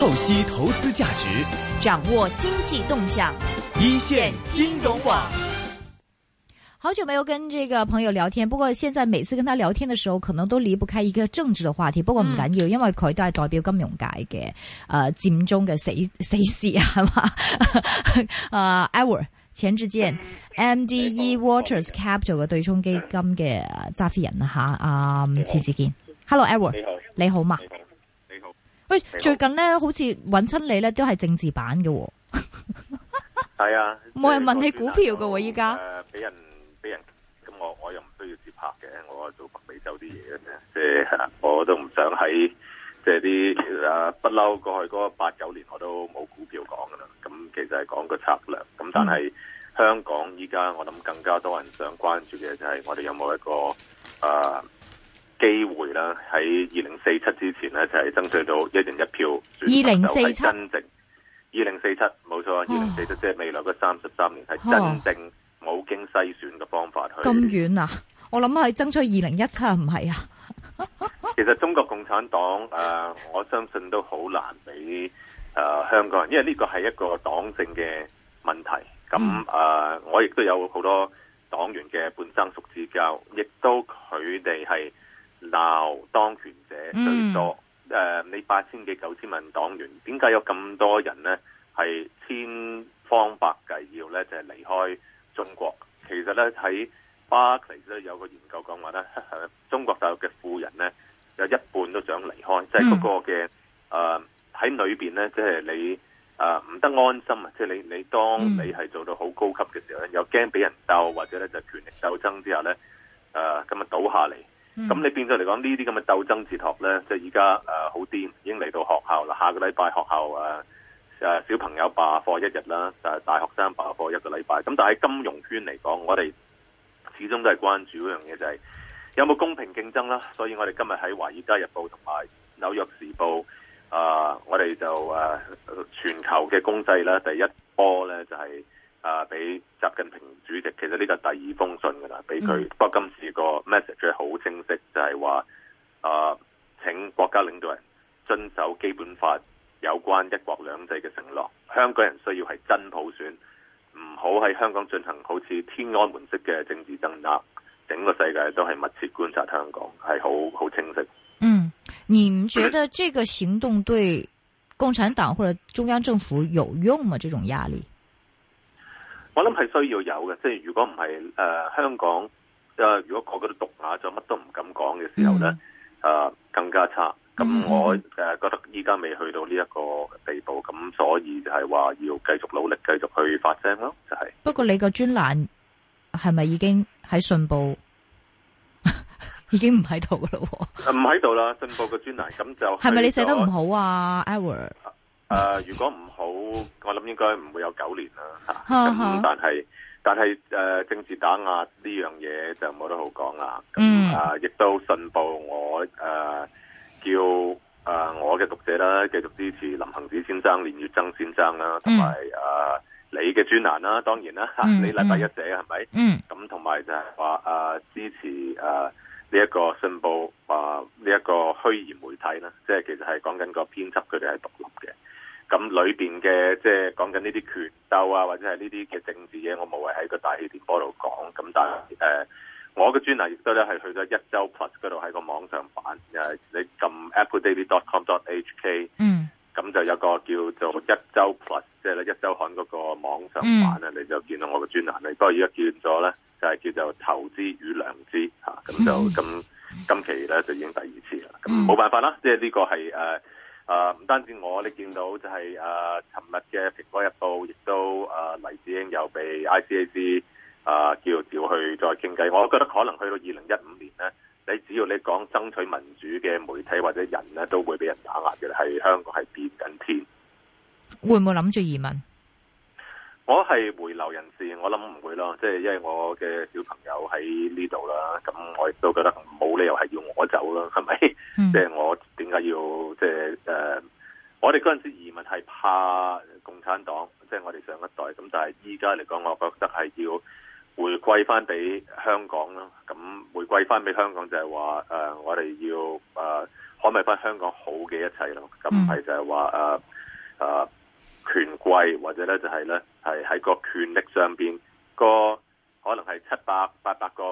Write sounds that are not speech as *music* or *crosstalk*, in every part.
透析投資價值，掌握經濟動向，一線金融網。好久沒有跟這個朋友聊天，不過現在每次跟他聊天的時候，可能都離不開一個政治的話題。不過唔緊要，嗯、因為佢都係代表金融界嘅，誒、呃，佔中嘅死死士係嘛？誒、 *laughs* 呃、，Edward 錢志健、嗯、M D E Waters Capital 嘅對沖基金嘅揸 fit 人啊吓，阿 Hello Edward，你好，Hello, Edward, 你好嘛？喂，最近咧好似揾親你咧都係政治版嘅喎，係 *laughs* 啊，冇、就是、人問你股票㗎喎、啊，依家俾人俾人咁我我又唔需要接客嘅，我做北美洲啲嘢嘅啫，即、就、係、是、我都唔想喺即係啲其實啊不嬲過去嗰八九年我都冇股票講噶啦，咁其實係講個策略，咁但係香港依家我諗更加多人想關注嘅就係我哋有冇一個啊。機會啦，喺二零四七之前呢，就係、是、爭取到一人一票。二零四七真正二零四七冇錯，二零四七即係未來嘅三十三年係、oh. 真正冇經篩選嘅方法去。咁遠啊！我諗係爭取二零一七唔係啊。 *laughs* 其實中國共產黨誒、呃，我相信都好難俾誒、呃、香港人，因為呢個係一個黨政嘅問題。咁誒、呃，我亦都有好多黨員嘅半生熟之交，亦都佢哋係。鬧當權者最多。誒、嗯呃，你八千幾九千萬黨員，點解有咁多人呢？係千方百計要咧，就係、是、離開中國。其實咧喺巴克萊咧有個研究講話咧，中國大陸嘅富人呢，有一半都想離開，即係嗰個嘅誒喺裏邊呢，即、就、係、是、你誒唔、呃、得安心啊！即、就、係、是、你你當你係做到好高級嘅時候咧，嗯、又驚俾人鬥，或者咧就權力鬥爭之下咧，誒咁啊倒下嚟。咁、嗯、你變咗嚟講呢啲咁嘅鬥爭哲學呢，即係而家誒好癲，已經嚟到學校啦。下個禮拜學校誒、啊、小朋友罷課一日啦，誒大學生罷課一個禮拜。咁但係喺金融圈嚟講，我哋始終都係關注嗰樣嘢就係、是、有冇公平競爭啦。所以我哋今日喺《華爾街日報》同埋《紐約時報》啊，我哋就誒、啊、全球嘅公制啦，第一波呢就係、是。啊！俾、呃、習近平主席，其實呢個係第二封信噶啦，俾佢。不過、嗯、今次個 message 好清晰，就係話啊，請國家領導人遵守基本法有關一國兩制嘅承諾。香港人需要係真普選，唔好喺香港進行好似天安門式嘅政治鎮壓。整個世界都係密切觀察香港，係好好清晰。嗯，你們覺得這個行動對共產黨或者中央政府有用嗎？這種壓力？我諗係需要有嘅，即係如果唔係誒香港誒、呃，如果個個都獨啞咗，乜都唔敢講嘅時候咧，誒、嗯呃、更加差。咁、嗯嗯、我誒、呃、覺得依家未去到呢一個地步，咁所以就係話要繼續努力，繼續去發聲咯，就係、是。不過你個專欄係咪已經喺信報， *laughs* 已經唔喺度噶咯？唔喺度啦，信報嘅專欄咁就係、是、咪你寫得唔好啊？Edward？誒、呃，如果唔好，我諗應該唔會有九年啦吓。咁但係，但係誒、呃、政治打壓呢樣嘢就冇得好講啦。咁啊，亦都信報我誒、呃、叫誒、呃、我嘅讀者啦，繼續支持林行止先生、練乙錚先生啦、啊，同埋誒你嘅專欄啦，當然啦、啊，嗯、 *laughs* 你禮拜一寫，係、啊、咪？是，是，嗯，咁同埋就係話誒支持誒呢一個信報誒呢一個虛擬媒體啦，即、就、係、是、其實係講緊個編輯佢哋係獨立嘅。咁裏面嘅即係講緊呢啲權鬥啊，或者係呢啲嘅政治嘢、啊，我冇謂喺個大氣電波度講。咁但係誒、呃，我嘅專欄亦都咧係去咗一周 Plus 嗰度喺個網上版誒，你撳 AppleDaily.com.hk，嗯，咁就有個叫做一周 Plus，即係咧一周刊嗰個網上版啊，嗯、你就見到我嘅專欄。不過而家見咗咧，就係、是、叫做投資與良知咁、啊、就今今期咧就已經第二次啦。咁冇辦法啦，即係呢個係誒。呃啊，唔單止我，你見到就係、是、啊，尋日嘅《蘋果日報》亦都啊黎智英又被 ICAC 啊叫調去再傾偈，我覺得可能去到二零一五年呢，你只要你講爭取民主嘅媒體或者人呢，都會俾人打壓嘅。係香港係變緊天，會唔會諗住移民？我係回流人士，我諗唔會咯，即係因為我嘅小朋友喺呢度啦，咁我亦都覺得冇理由係要我走咯，係咪？即係、嗯、我點解要即係誒？就是 uh, 我哋嗰陣時移民係怕共產黨，即、就、係、是、我哋上一代咁，但係依家嚟講，我覺得係要回歸翻俾香港咯。咁回歸翻俾香港就係話誒，uh, 我哋要誒、uh, 捍衞翻香港好嘅一切咯。咁係就係話誒誒。Uh, uh, 權貴或者咧就係咧係喺個權力上邊個可能係七百八百個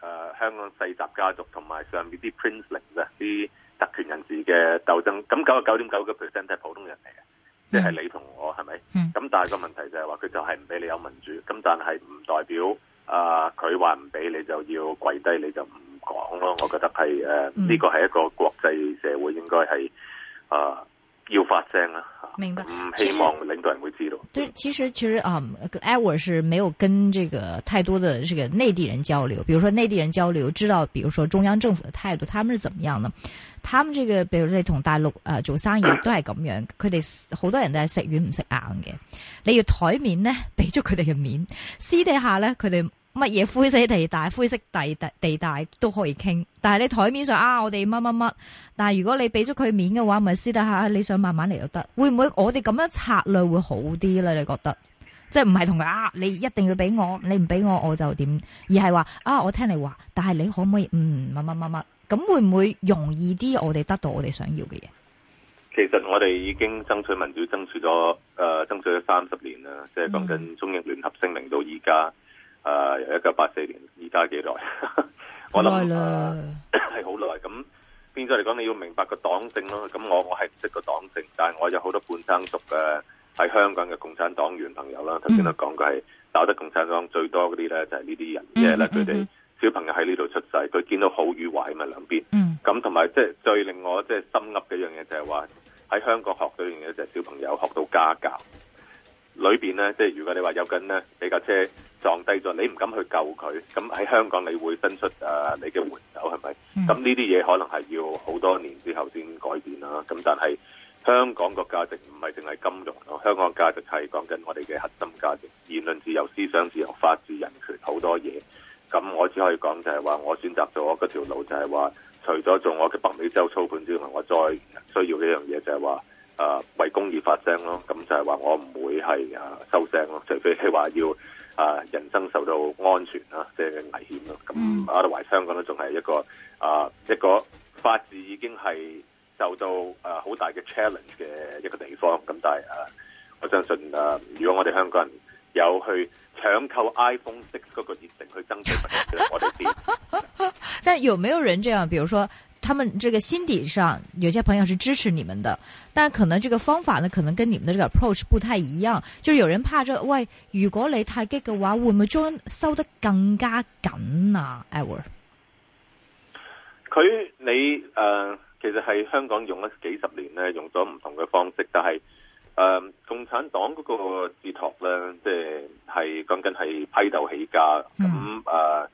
誒香港世集家族同埋上面啲 princeling 嘅啲特權人士嘅鬥爭，咁九十九點九嘅 percent 係普通人嚟嘅，即係你同我係咪？咁，mm. 但係個問題就係話佢就係唔俾你有民主。咁但係唔代表啊佢話唔俾你就要跪低你就唔講咯，我覺得係誒呢個係一個國際社會應該係啊。呃要發聲啦，明白？希望領導人會知道。對，其實其實啊，艾、um, 我是沒有跟這個太多的這個內地人交流，比如說內地人交流，知道，比如說中央政府嘅態度，他們是怎麼樣呢？他們這個，比如說你同大陸啊，做生意都係咁樣，佢哋好多人都係食軟唔食硬嘅，你要台面呢，俾咗佢哋嘅面，私底下呢，佢哋。乜嘢灰色地帶、灰色地地地帶都可以傾，但係你台面上啊，我哋乜乜乜。但係如果你俾咗佢面嘅話，咪、就是、私底下你想慢慢嚟又得，會唔會我哋咁樣策略會好啲咧？你覺得即係唔係同佢啊？你一定要俾我，你唔俾我我就點？而係話啊，我聽你話，但係你可唔可以嗯乜乜乜乜？咁會唔會容易啲？我哋得到我哋想要嘅嘢？其實我哋已經爭取民主爭取、呃，爭取咗誒，爭取咗三十年啦。即係講緊中英聯合聲明到而家。誒由一九八四年，而家幾耐？ *laughs* 我諗啦，係好耐。咁 *laughs* 變咗嚟講，你要明白個黨性咯。咁我我唔識個黨性，但係我有好多半生熟嘅喺香港嘅共產黨員朋友啦。頭先都講過係搞得共產黨最多嗰啲咧，就係呢啲人即係啦。佢哋、嗯嗯嗯嗯、小朋友喺呢度出世，佢見到好與壞咪兩邊。咁同埋即係最令我即係心噏嘅一樣嘢、就是，就係話喺香港學到一樣嘢、就是，就係小朋友學到家教。裏邊咧，即係如果你話有緊呢，你架車。降低咗，你唔敢去救佢，咁喺香港你會伸出啊你嘅援手係咪？咁呢啲嘢可能係要好多年之後先改變啦。咁但係香港價值唔係淨係金融咯，香港價值係講緊我哋嘅核心價值，言論自由、思想自由、法治、人權好多嘢。咁我只可以講就係話，我選擇咗嗰條路就係話，除咗做我嘅北美洲操盤之外，我再需要嘅一樣嘢就係話，啊、呃、為公義發聲咯。咁就係話我唔會係啊收聲咯，除非你話要。啊！人生受到安全啦、啊，即係危險咯、啊。咁阿香港呢，仲係一個啊，一個法治已經係受到啊好大嘅 challenge 嘅一個地方。咁但係啊，我相信啊，如果我哋香港人有去搶購 iPhone 6嗰個熱情去爭取我， *laughs* 我哋變。 *laughs* 但有沒有人這樣？比如說。他們這個心底上有些朋友是支持你們的，但可能這個方法呢，可能跟你們的這個 approach 不太一樣。就是，有人怕着，這喂，如果你太激嘅話，會唔會將收得更加緊啊？Edward，佢你誒、呃，其實喺香港用咗幾十年咧，用咗唔同嘅方式，但係誒、呃，共產黨嗰個字托咧，即係係講緊係批鬥起家咁誒，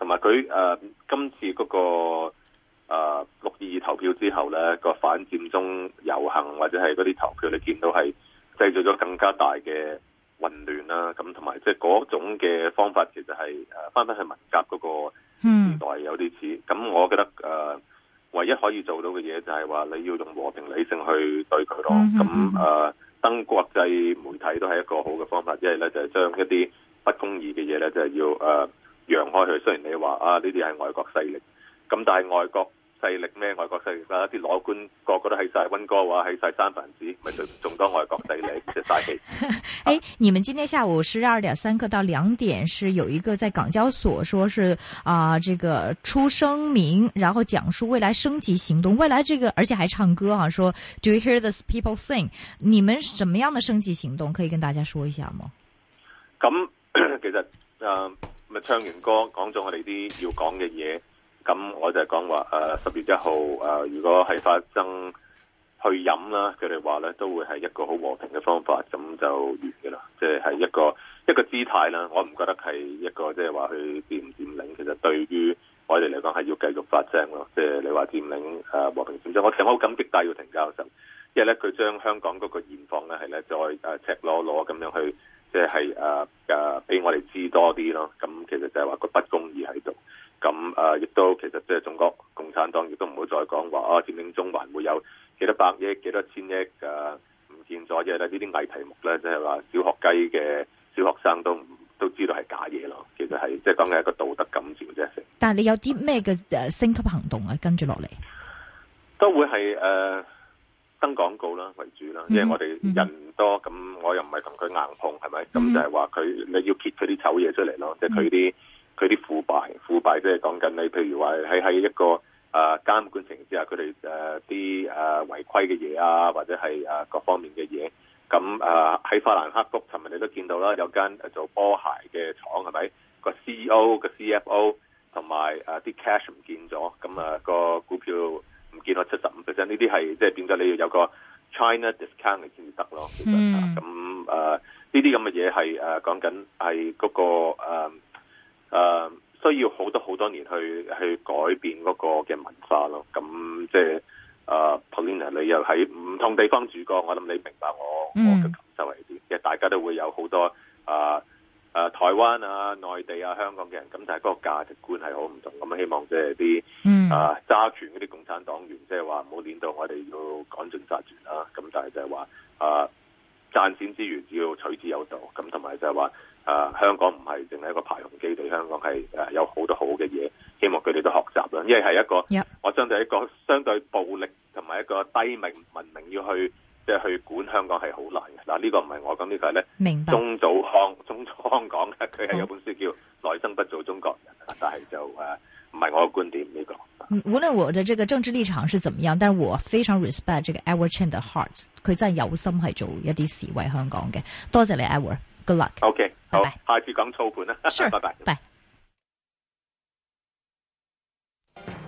同埋佢誒，今次嗰、那個。啊！六二二投票之後咧，個反佔中遊行或者係嗰啲投票，你見到係製造咗更加大嘅混亂啦、啊。咁同埋即係嗰種嘅方法，其實係誒翻返去文革嗰個時代有啲似。咁、hmm. 我覺得誒、呃，唯一可以做到嘅嘢就係話你要用和平理性去對佢咯。咁誒、hmm. 呃，登國際媒體都係一個好嘅方法，即係咧就係、是、將一啲不公義嘅嘢咧，就係、是、要誒、呃、揚開佢。雖然你話啊，呢啲係外國勢力，咁但係外國勢力咩？外國勢力啦，啲裸官個個都係晒溫哥華，係晒三藩市，咪仲多外國勢力，即係嘥氣。誒 *laughs* 、啊，hey, 你們今天下午十二點三刻到兩點，是有一個在港交所，說是啊、呃，這個出聲明，然後講述未來升級行動，未來這個而且還唱歌啊，說 Do you hear this people sing？你們什麼樣的升級行動可以跟大家說一下嗎？咁、嗯、其實啊，咪、呃、唱完歌，講咗我哋啲要講嘅嘢。咁我就係講話誒，十月一號如果係發生去飲啦，佢哋話咧都會係一個好和平嘅方法，咁就完嘅喇，即係係一個一個姿態啦。我唔覺得係一個即係話佢佔唔佔領，其實對於我哋嚟講係要繼續發聲咯。即係你話佔領和平佔中，我其實好感激戴耀廷教授因為呢，佢將香港嗰個現況咧係呢，再誒赤裸裸咁樣去，即係誒誒俾我哋知多啲咯。咁其實就係話個不公義喺度。咁誒，亦、呃、都其實即係中國共產黨，亦都唔會再講話啊！佔領中環會有幾多百億、幾多千億唔、啊、見咗嘅呢啲啲偽題目咧，即係話小學雞嘅小學生都唔都知道係假嘢咯。其實係即係講緊一個道德感召啫。但你有啲咩嘅升級行動啊？嗯、跟住落嚟都會係誒登廣告啦為主啦，即係、嗯、我哋人唔多，咁、嗯、我又唔係同佢硬碰係咪？咁、嗯、就係話佢你要揭佢啲醜嘢出嚟咯，即係佢啲。佢啲腐敗，腐敗即係講緊你，譬如話喺喺一個啊監管層之下，佢哋誒啲誒違規嘅嘢啊，或者係誒各方面嘅嘢。咁啊喺法蘭克福，尋日你都見到啦，有間做波鞋嘅廠，係咪？個 CEO、個 CFO 同埋啊啲 cash 唔見咗，咁、那、啊個股票唔見咗七十五 percent，呢啲係即係變咗你要有個 China discount 嚟先至得咯。嗯，咁啊呢啲咁嘅嘢係誒講緊係嗰個、啊誒、uh, 需要好多好多年去去改變嗰個嘅文化咯，咁即係、就、啊、是 uh, Paulina 你又喺唔同地方住過，我諗你明白我、嗯、我嘅感受係點，即係大家都會有好多啊，啊台灣啊、內地啊、香港嘅人，咁但係嗰個價值觀係好唔同，咁希望即係啲啊揸權嗰啲共產黨員，即係話唔好攆到我哋要趕盡殺絕啦，咁但係就係話啊賺錢之餘要取之有道，咁同埋就係話。啊！香港唔係淨係一個排洪機，對香港係誒、啊、有好多好嘅嘢。希望佢哋都學習啦，因為係一個 Yeah. 我相對一個相對暴力同埋一個低明文明要去即係、就是、去管香港係好難嘅嗱。這個不是這個、是呢個唔係我講呢個係咧。明白。鍾祖康，鍾祖康講嘅佢係有本書叫《來生不做中國人》，好但係就誒唔係我嘅觀點呢、這個。無論我嘅個政治立場是怎麼樣，但是我非常 respect 呢個 Edward Chin heart 佢真係有心係做一啲事為香港嘅。多謝你，Ever。Edward, Good luck、okay. 好，bye bye，下次講操盤啦，拜拜。